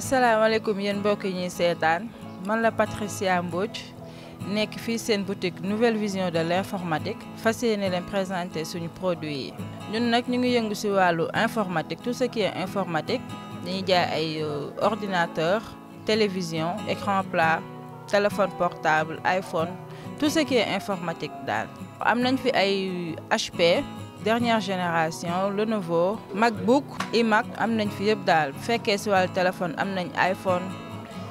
asalaamaaleykum yéen mbokk yi ñuy seetaan man la Patricia Mbodj nekk fii seen boutique nouvelle vision de l' informatique fas yéene leen présenter suñu produit yi. ñun nag ñu ngi yëngu ci wàllu informatique tout ce qui est informatique dañuy jaay ay euh, ordinateur télévision écran plat téléphone portable iPhone tout ce qui est informatique daal. am nañ fi ay HP. Euh, dernière génération le Lenovo MacBook iMac am nañ fi yëpp daal bu fekkee si wàllu téléphone am nañ iPhone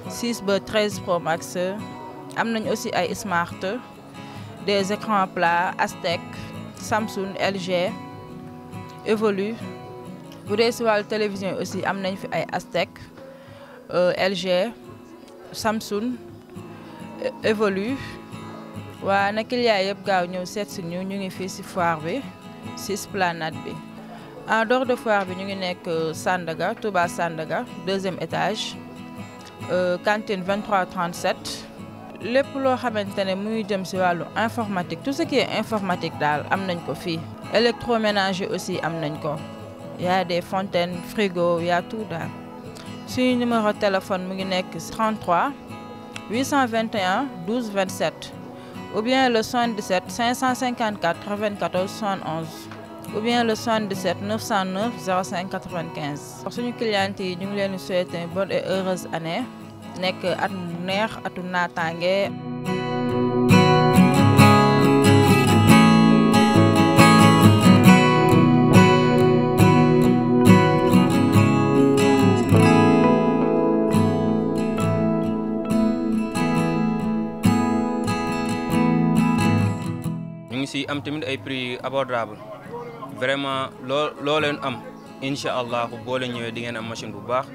6 ba 13 Pro Max am nañ aussi ay smart des écrans plats Aztec Samsung LG Evolus bu dee si wàllu télévision aussi am nañ fi ay Aztec euh, LG Samsung Evolus waa na client yëpp gaaw ñëw seet si ñu ñu ngi fii si foire bi. si esplanade bi à dehors de foire bi ñu ngi nekk euh, Sandaga Touba Sandaga deuxième étage euh, cantine 23 37 lépp loo xamante ne muy jëm si wàllu informatique tout ce qui est informatique daal am nañ ko fii électroménager aussi am nañ ko y a des fontaines frigo y a tout daal suñu numéro téléphone mu ngi nekk 33 821 12 27 ou bien le 77 554 94 71 ou bien le 77 909 05 95. suñu cliente yi ñu ngi leen di souhaiter bonne et heureuse année nekk at mu neex atu naataange. ñu am tamit ay prix abordable vraiment loo loo leen am incha allah boo leen ñëwee di ngeen am machine bu baax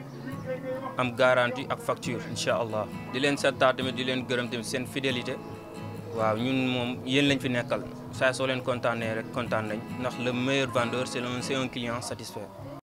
am garantie ak facture incha allah. di leen santaat tamit di leen gërëm tamit seen fidélité waaw ñun moom yéen lañ fi nekkal saa soo leen kontaanee rek kontaan nañ ndax la meilleur vendeur c'est un c'est